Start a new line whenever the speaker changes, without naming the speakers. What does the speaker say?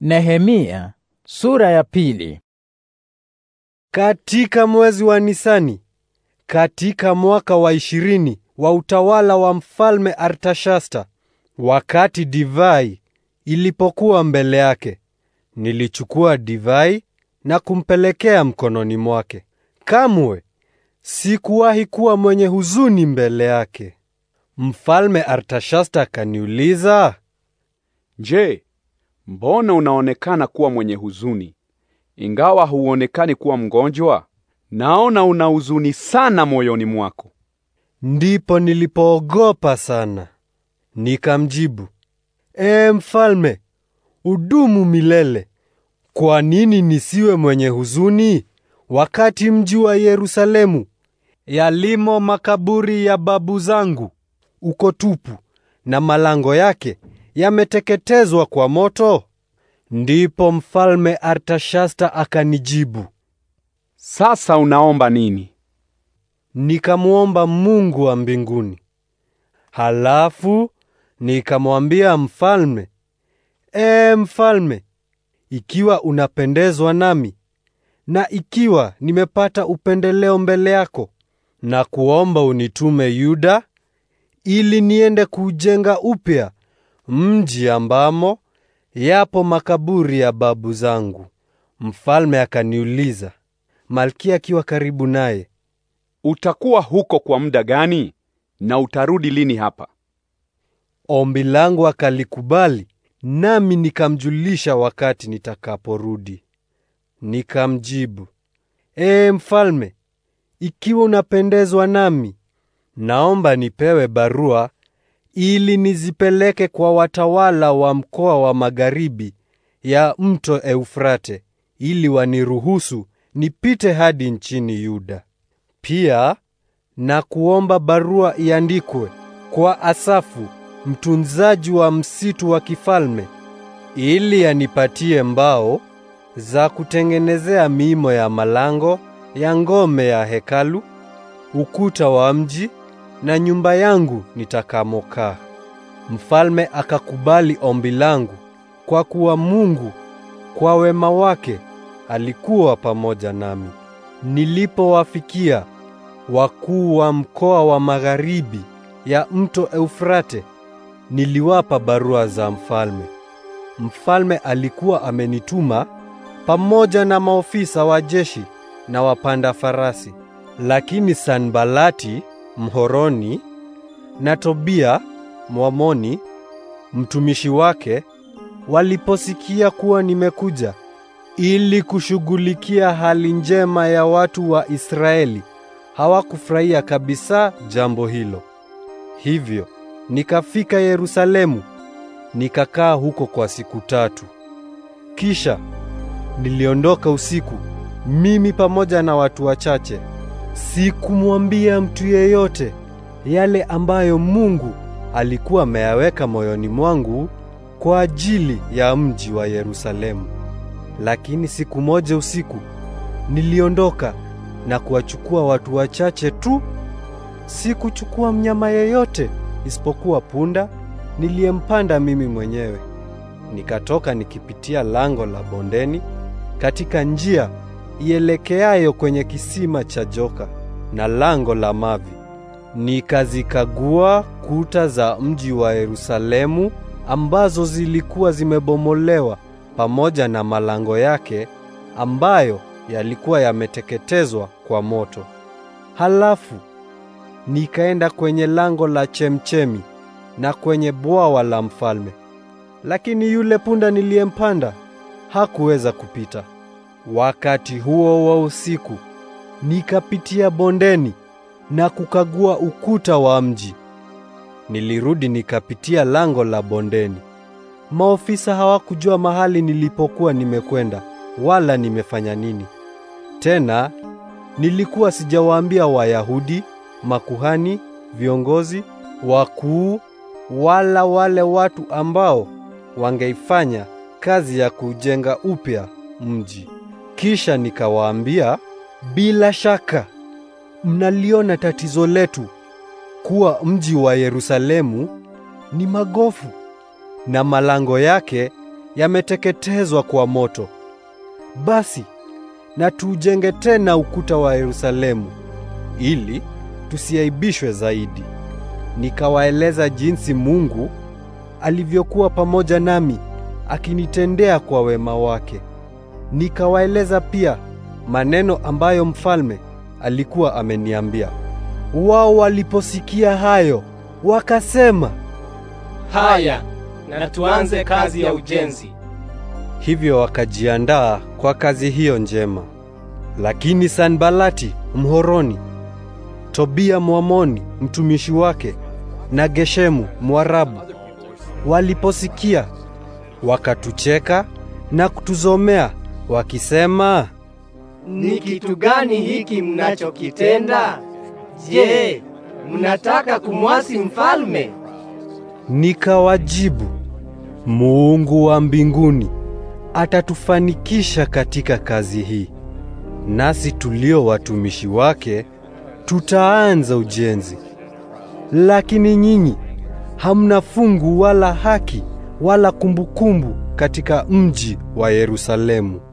Nehemia sura ya pili. Katika mwezi wa Nisani, katika mwaka wa ishirini wa utawala wa mfalme Artashasta, wakati divai ilipokuwa mbele yake, nilichukua divai na kumpelekea mkononi mwake. Kamwe sikuwahi kuwa mwenye huzuni mbele yake. Mfalme Artashasta kaniuliza, "Je, mbona unaonekana kuwa mwenye huzuni, ingawa huonekani kuwa mgonjwa? Naona una huzuni sana moyoni mwako. Ndipo nilipoogopa sana, nikamjibu, Ee mfalme, udumu milele. Kwa nini nisiwe mwenye huzuni wakati mji wa Yerusalemu yalimo makaburi ya babu zangu uko tupu na malango yake yameteketezwa kwa moto? Ndipo mfalme Artashasta akanijibu, sasa unaomba nini? Nikamwomba Mungu wa mbinguni. Halafu nikamwambia mfalme, ee mfalme, ikiwa unapendezwa nami na ikiwa nimepata upendeleo mbele yako, na kuomba unitume Yuda ili niende kuujenga upya mji ambamo yapo makaburi ya babu zangu. Mfalme akaniuliza, malkia akiwa karibu naye, utakuwa huko kwa muda gani na utarudi lini hapa? Ombi langu akalikubali, nami nikamjulisha wakati nitakaporudi. Nikamjibu, ee mfalme, ikiwa unapendezwa nami, naomba nipewe barua ili nizipeleke kwa watawala wa mkoa wa magharibi ya mto Eufrate ili waniruhusu nipite hadi nchini Yuda. Pia na kuomba barua iandikwe kwa Asafu mtunzaji wa msitu wa kifalme ili anipatie mbao za kutengenezea miimo ya malango ya ngome ya hekalu, ukuta wa mji na nyumba yangu nitakamokaa. Mfalme akakubali ombi langu, kwa kuwa Mungu kwa wema wake alikuwa pamoja nami. Nilipowafikia wakuu wa mkoa wa magharibi ya mto Eufrate, niliwapa barua za mfalme. Mfalme alikuwa amenituma pamoja na maofisa wa jeshi na wapanda farasi, lakini Sanbalati Mhoroni na Tobia Mwamoni mtumishi wake waliposikia kuwa nimekuja ili kushughulikia hali njema ya watu wa Israeli, hawakufurahia kabisa jambo hilo. Hivyo nikafika Yerusalemu, nikakaa huko kwa siku tatu. Kisha niliondoka usiku, mimi pamoja na watu wachache. Sikumwambia mtu yeyote yale ambayo Mungu alikuwa ameyaweka moyoni mwangu kwa ajili ya mji wa Yerusalemu. Lakini siku moja usiku niliondoka na kuwachukua watu wachache tu. Sikuchukua mnyama yeyote isipokuwa punda niliyempanda mimi mwenyewe. Nikatoka nikipitia lango la bondeni katika njia ielekeayo kwenye kisima cha joka na lango la mavi. Nikazikagua kuta za mji wa Yerusalemu ambazo zilikuwa zimebomolewa pamoja na malango yake ambayo yalikuwa yameteketezwa kwa moto. Halafu nikaenda kwenye lango la chemchemi na kwenye bwawa la mfalme, lakini yule punda niliyempanda hakuweza kupita. Wakati huo wa usiku nikapitia bondeni na kukagua ukuta wa mji. Nilirudi nikapitia lango la bondeni. Maofisa hawakujua mahali nilipokuwa nimekwenda wala nimefanya nini. Tena nilikuwa sijawaambia Wayahudi, makuhani, viongozi wakuu, wala wale watu ambao wangeifanya kazi ya kujenga upya mji. Kisha nikawaambia, bila shaka mnaliona tatizo letu kuwa mji wa Yerusalemu ni magofu na malango yake yameteketezwa kwa moto. Basi na tuujenge tena ukuta wa Yerusalemu ili tusiaibishwe zaidi. Nikawaeleza jinsi Mungu alivyokuwa pamoja nami akinitendea kwa wema wake. Nikawaeleza pia maneno ambayo mfalme alikuwa ameniambia. Wao waliposikia hayo wakasema, haya, na tuanze kazi ya ujenzi. Hivyo wakajiandaa kwa kazi hiyo njema. Lakini Sanbalati Mhoroni, Tobia Mwamoni mtumishi wake na Geshemu Mwarabu waliposikia wakatucheka na kutuzomea wakisema,
ni kitu gani
hiki mnachokitenda? Je, mnataka kumwasi mfalme? Nikawajibu, Muungu wa mbinguni atatufanikisha katika kazi hii, nasi tulio watumishi wake tutaanza ujenzi. Lakini nyinyi hamna fungu wala haki wala kumbukumbu katika mji wa Yerusalemu.